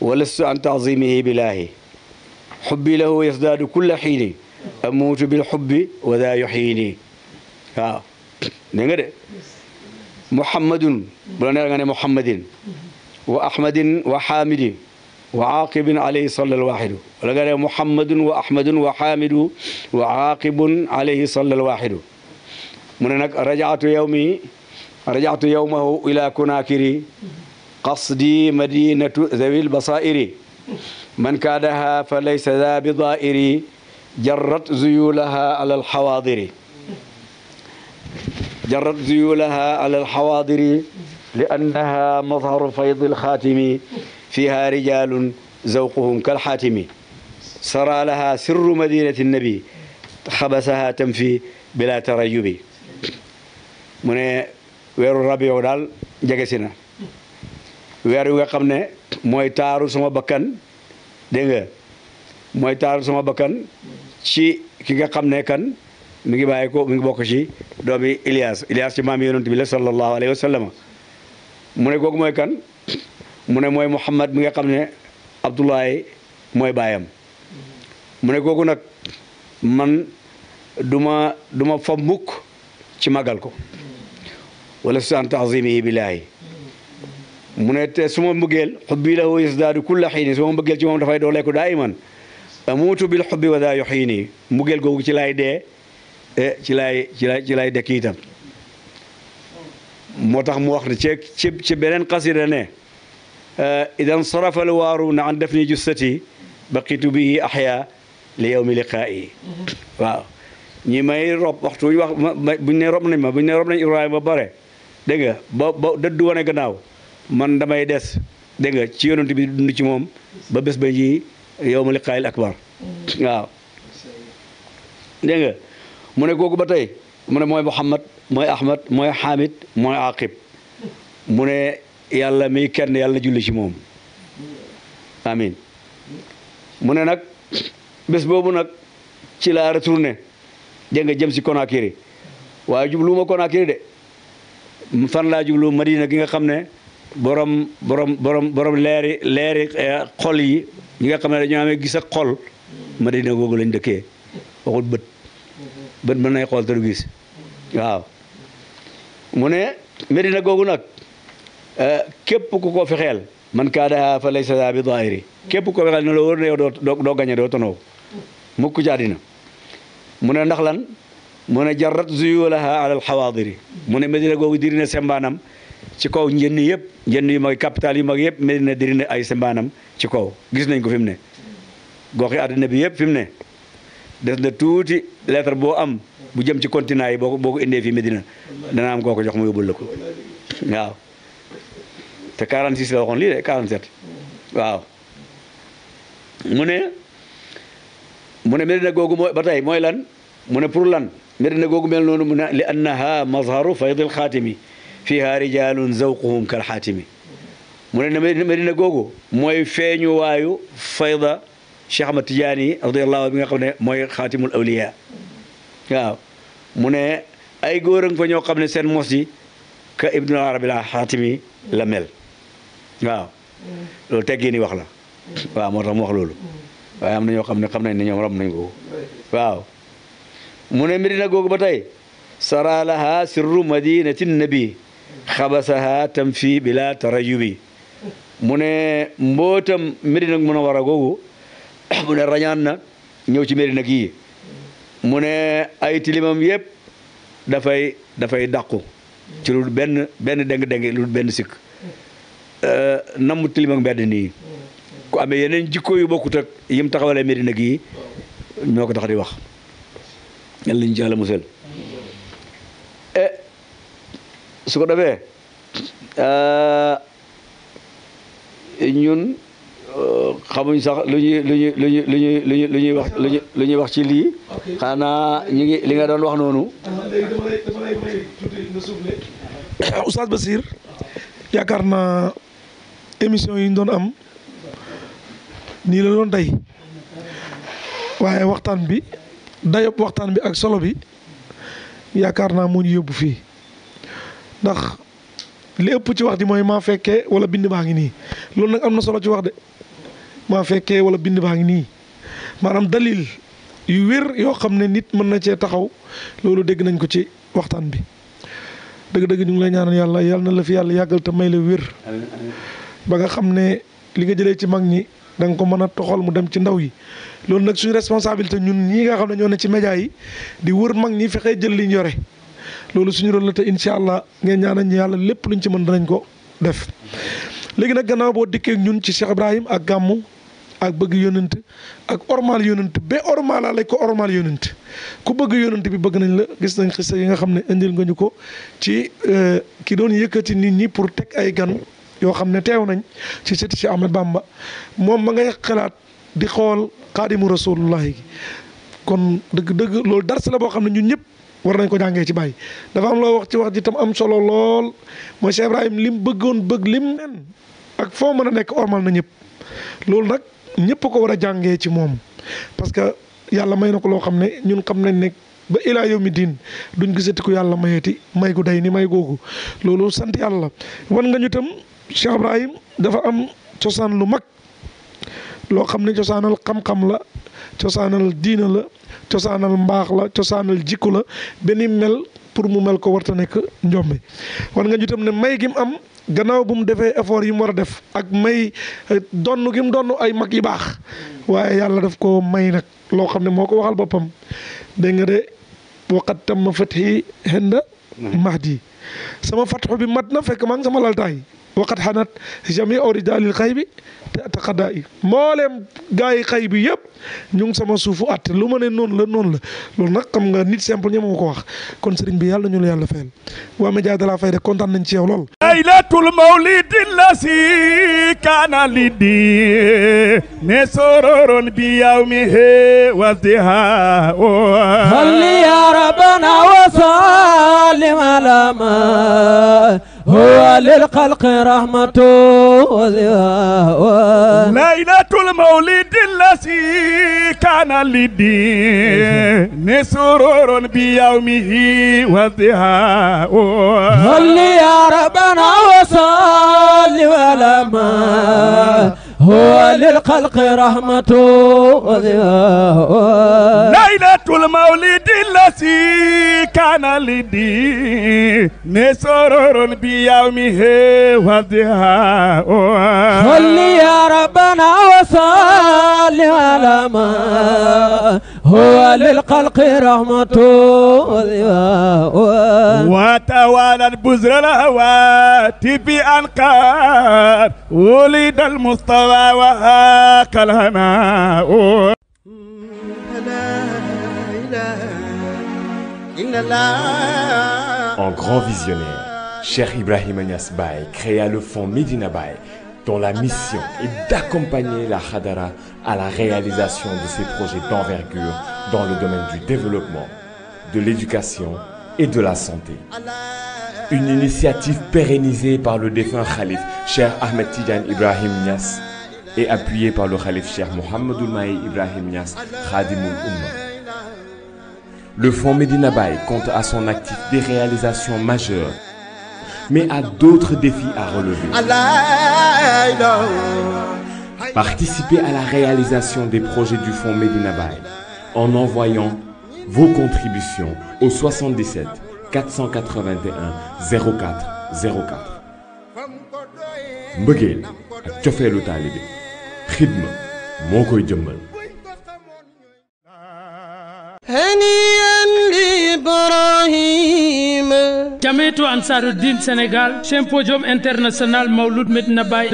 walastu an taazimihi bilaahi xubbi lahu yasdaadu kulla xiini amuutu bil xubbi wa daa yuxiini waaw dégg nga de muhammadun bu la neex nga ne muhammadin wa ahmadin wa xaamidi wa aaqibin alayhi salla alwaxidu wala nga ne muhammadun wa ahmadun wa xaamidu wa aaqibun alayhi salla alwaxidu mu ne nag rajaatu yawmi rajaatu yawmahu ila kunaakiri qasdi madinatu zawil basairi man kaadaha fa laysa daa bi daairi jarrat zuyulaha ala alxawaadiri jarrat zuyulaha ala alxawaadiri li annaha mazharu faydi alxaatimi fiiha rijalun zawquhum kalxaatimi sara laha sirru madinati nabi xabasaha tam fi bila tarayubi mu ne weeru rabiyow daal jege si na weer wi nga xam ne mooy taaru sama bakkan dégg nga mooy taaru sama bakkan ci ki nga xam ne kan mi ngi bàyyi ko mi ngi bokk ci doomi Ilias Ilias ci maam yonent bi la sallallahu alayhi wa sallam mu ne kooku mooy kan mu ne mooy Muhammad mi nga xam ne Abdullahi mooy baayam mu ne kooku nag man du ma du ma fa mukk ci màggal ko wala su an taazimi billaahi mu ne te su ma mbëggeel xubbi lahu yasdaadu kulla xiini su ma mbëggeel ci moom dafay dooleeku daayiman amuutu bil xubbi wa daa yuxiini mbëggeel googu ci laay dee e, ci laay ci laay ci laay dekk itam moo tax mu wax ne ci ci beneen xasida ne idan sarafa al waaruuna an dafni jussati baqitu bihi ahya li yawmi liqaa'i waaw ñi may rob waxtu wuñu wax buñ ne rob nañ ma buñ ne rob nañ Ibrahima ba bare dégg nga ba ba dëddu wane gannaaw man damay des dégg nga ci yonent bi dund ci moom ba bés ba ji yawma liqaa'il akbar waaw dégg nga mu ne kooku ba tey mu ne mooy Muhammad mooy Ahmad mooy Hamid mooy Aqib mu ne yàlla mi kenn yàlla na julli ci moom amin mu ne nag bés boobu nag ci laa retourné dégg nga jëm si Conakry waaye jubluwuma Conakry de fan laa jublu Madina gi nga xam ne borom borom borom borom leeri leeri eh, xol yi ñi nga xam ne dañoo amee gis a xol Madina googu lañ dëkkee waxut bët bët mën nay xool te du gis waaw mu ne Madina googu nag képp ku ko fexeel man kaadaha fa laysa daa bi daahiri képp ko fexeel ne la wóor na doo doo doo tonoow mukk ci àddina mu ne ndax lan mu ne jarrat zuyulaha ala alxawaadiri mu ne Medina googu diri na sembaanam ci kaw njënn yëpp njënn yu mag capital yu mag yëpp Medina diri na ay sembaanam ci kaw gis nañ ko fi mu ne goxi àddina bi yëpp fi mu ne des na tuuti lettre boo am bu jëm ci continent yi boo ko indee fii Medina dana am koo ko jox mu yóbbul te 46 la waxoon lii de 47 waaw mu ne mu ne Medina googu mooy ba tey mooy lan mu ne pour lan Medina googu mel noonu mu ne li annaha mazharu faydil xaatimi fiha rijalun zawquhum kal xaatimi mu ne Medina googu mooy feeñu waayu fayda Cheikh Ahmad Tidiane radiyallahu bi nga xam ne mooy xaatimul awliya waaw mu ne ay góor a nga fa ñoo xam ne seen mos yi ka Ibnu Arabi al Xaatimi la mel waaw loolu teggee ni wax la waaw moo tax mu loolu waaye am na ñoo xam ne xam nañ ne ñoom ram nañ ko waaw mu ne Medina googu ba tey sara laha sirru madinati nabi xabasaha tam fii bila tarayubi mu ne mbootam Medina mu a war a googu mu ne rañaan na ñëw ci Medina gii mu ne ay tilimam yëpp dafay dafay dàqu ci lu benn benn deng deng lu benn sikk Euh, namm tilim ak mbedd nii ku amee yeneen jikko yu bokkut ak yim taxawalee Medina gii ñoo ko tax di wax yàlla nañ ci yàlla musal e su euh, ñun euh, xamuñ sax lu ñuy lu ñuy lu ñuy lu ñuy lu ñuy wax lu ñuy wax ci lii xanaa ñu ngi li nga doon wax noonu. Oustaz Basir yaakaar naa. émission yi ñu doon am nii la doon day waaye waxtaan bi dayob waxtaan bi ak solo bi yaakaar naa moo ñu yóbbu fii ndax li ëpp ci wax di mooy maa fekkee wala bind baa ngi nii loolu nag am na solo ci wax de fekkee wala bind baa ngi nii maanaam dalil yu wér yoo xam ne nit mën na cee taxaw loolu dégg nañ ko ci waxtaan bi dëgg-dëgg ñu ngi lay ñaanal yàlla yàlla na la fi yàlla yàggal te may la wér ba nga xam ne li nga jëlee ci mag ñi danga ko mën a toxal mu dem ci ndaw yi loolu nag suñu responsabilité ñun ñii nga xam ne ñoo ne ci média yi di wër mag ñi fexee jël liñ yore loolu suñu rôle la te incha allah ngeen ñaanal ñu yàlla lépp luñ ci mën danañ ko def. léegi nag gannaaw boo dikkee ñun ci Cheikh Ibrahim ak gàmmu ak bëgg yonent ak ormal yonent ba ormal ko ormal yonent ku bëgg yonent bi bëgg nañ la gis nañ xista yi nga xam ne indil nga ko ci euh, ki doon yëkkati nit ñi pour teg ay gan. yoo xam ne teew nañ ci sëti si Ahmed Bamba moom ma ngay xalaat di xool xaadimu rasulullahi kon dëgg-dëgg loolu dars la boo xam ne ñun ñëpp war nañ ko jàngee ci bàyyi dafa am loo wax ci wax ji tam am solo lool mooy Cheikh Ibrahim mu bëggoon bëgg lim nen ak foo mën a nekk ormal na ñëpp loolu nag ñëpp ko war a jàngee ci moom parce que yàlla may na ko loo xam ne ñun xam nañ ne ba ilaa yow mi diin duñ gisati ko yàlla mayeeti may gu day ni may googu loolu sant yàlla Cheikh Ibrahim dafa am cosaan lu mag loo xam ne cosaanal xam-xam la cosaanal diina la cosaanal mbaax la cosaanal jikku la benn mel pour mu mel ko warta nekk njombe war nga ñu tam ne may gim am gannaaw bu mu defee effort yi mu war a def ak may eh, donn gim mu donn ay mag yi baax waaye yàlla def ko may nag loo xam ne moo ko waxal boppam dégg nga de waqat tam ma fatihi henda mahdi sama fatxu bi mat na fekk maa ngi sama laltaay waqat a jami oridalil xay bi te xadaa yi mbooleem gaa yi xay bi yëpp ñu ngi sama suufu àtte lu ma ne noonu la noonu la loolu nag xam nga nit simple ñoom moo ko wax kon sëriñ bi yàlla ñu la yàlla fayal waa Média de la Fayda kontaan nañ ci yow lool laylatul mawlidi la si kaana li di ne sororon bi yaw mi he wasdiha salli ya rabbana wa sallim ala هو للخلق رحمة ليلة المولد الذي كان للدين سرور بيومه وضحاه صل يا ربنا وصل ولما هو للخلق رحمة ليلة المولد التي كان لدي نسرور بيومه وضحاء صلي يا ربنا وصلي على ما هو للخلق رحمة وتوالى البزر الهواتف أنقار ولد المصطفى وهاك الهناء En grand visionnaire, Cheikh Ibrahim Agnasbaï créa le fonds Medina Baye dont la mission est d'accompagner la Hadara à la réalisation de ses projets d'envergure dans le domaine du développement, de l'éducation et de la santé. Une initiative pérennisée par le défunt Khalif, cher Ahmed Tidiane Ibrahim Nias, et appuyée par le Khalif cher Mohamed Ibrahim Nias, Khadimoul Le fonds Medina compte à son actif des réalisations majeures mais à d'autres défis à relever. Participez à la réalisation des projets du Fonds Medina Baye en envoyant vos contributions au 77 481 04 04. mbëggeel ak cofeelu taalibe koy jëmmal. jameetu ansaaru diin Sénégal symposium international Mawlud Medina Baye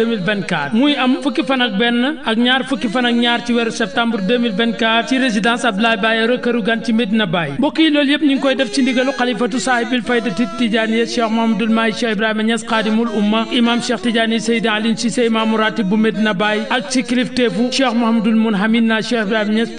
muy am fukki fan ak benn ak ñaar fukki fan ak ñaar ci weeru septembre 2024 ci résidence Abdoulaye Bayero këru gan ci Medina Baye mbokk yi loolu ngi koy def ci ndigalu xalifatu saahibil faydati tijaaniya Cheikh Mouhamadoul Mahi Cheikh Ibrahima Niass xaadimul umma imam Cheikh Tidiane Seydi Alioune Cissé imaamu Medina Baye ak ci kilifteefu Cheikh Mouhamadoul Mounhamine na Cheikh Ibrahima Niass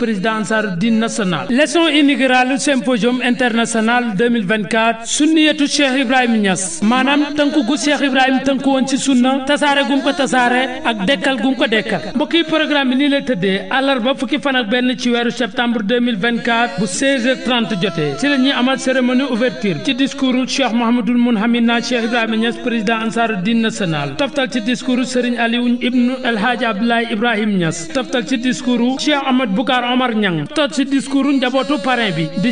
Cheikh Ibrahima Niass maanaam tënku gu Cheikh Ibrahima tënku woon ci sunna tasaare gum ko tasaare ak dekkal gum ko dekkal mbokk yi programme bi nii la tëddee àllarba fukki fan benn ci weeru septembre 2024 bu 16h30 jotee ci la ñuy amal cérémonie ouverture ci discours Cheikh Mouhamadoul Mounhamid na Cheikh Ibrahima Niass président Ansaruddin national toftal ci discours Serigne Aliou ibnu El Hadj Abdoulaye Ibrahima Niass toftal ci discours Cheikh Ahmed Boucar Omar Niang toftal ci discours njabootu parrain bi di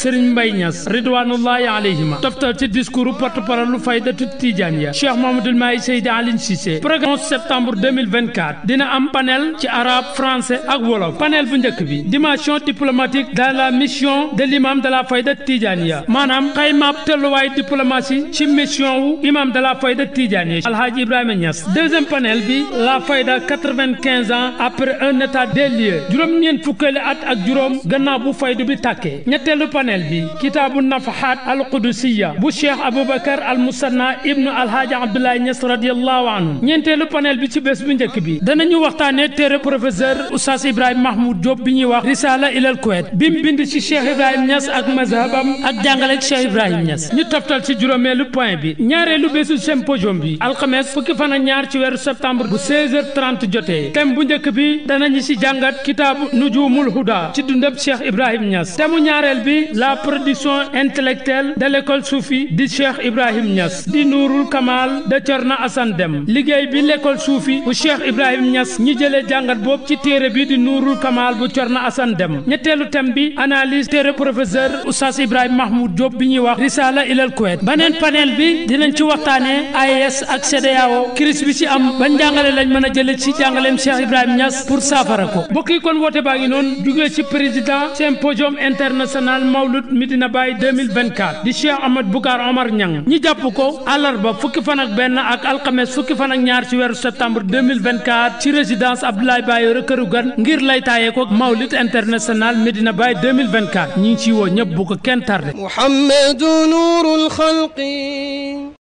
Serigne Mbaye Niass ridwanullahi alayhima toftal ci discours porte parole faydatu Tijaaniya Cheikh Mouhamadoul Mahi Seydi Aline Cissé programme 11 septembre 2024 dina am panel ci arabe français ak wolof panel bu njëkk bi dimension diplomatique dans la mission de l'imam de la fayda Tijaaniya maanaam xaymaab tëlluwaay diplomatie ci mission wu imam de la fayda Tijaaniya Alhaji Ibrahima Niass deuxième panel bi la fayda 95 ans après un état des lieux juróom-ñeent fukkeeli ñaareel bi kitaabu nafahaat alqudusiya bu cheikh aboubacar al musanna ibnu alhaaji abdoulaye ñas radiallahu anhu ñeenteelu panel bi ci bés bu njëkk bi danañu waxtaane téere professeur oustaz ibrahima mahmoud diop bi ñuy wax risala ilal kuwet bi mu bind ci cheikh ibrahima ñas ak mazhabam ak jàngale cheikh ibrahima ñas ñu toftal ci juróomeelu point bi ñaareelu bésu symposium bi alxames fukki fan ak ñaar ci weeru septembre bu 16h30 jotee thème bu njëkk bi danañu ci jàngat kitaabu nujumul huda ci dundab cheikh ibrahima ñas thème la production intellectuelle de l'école Soufi di Cheikh Ibrahim Niass di Nourul Kamal de Thierno Assane Deme liggéey bi l'école Soufi bu Cheikh Ibrahim ñas ñi jëlee jàngat boobu ci téere bi di Nourul Kamal bu Thierno Assane Deme ñetteelu thème bi analyse téere professeur Oustaz Ibrahim Mahmoud Diop bi ñuy wax Risala ilal ba beneen panel bi dinañ ci waxtaanee AES ak CEDEAO crise bi ci am ban jàngale lañ mën a jëlee ci jàngaleem Cheikh Ibrahim Niass pour saafara ko mbokk yi kon mawlud Medina Baye 2024 di Cheikh Ahmed Boucar Omar Niang ñi jàpp ko àllarba fukki fan ak xalqi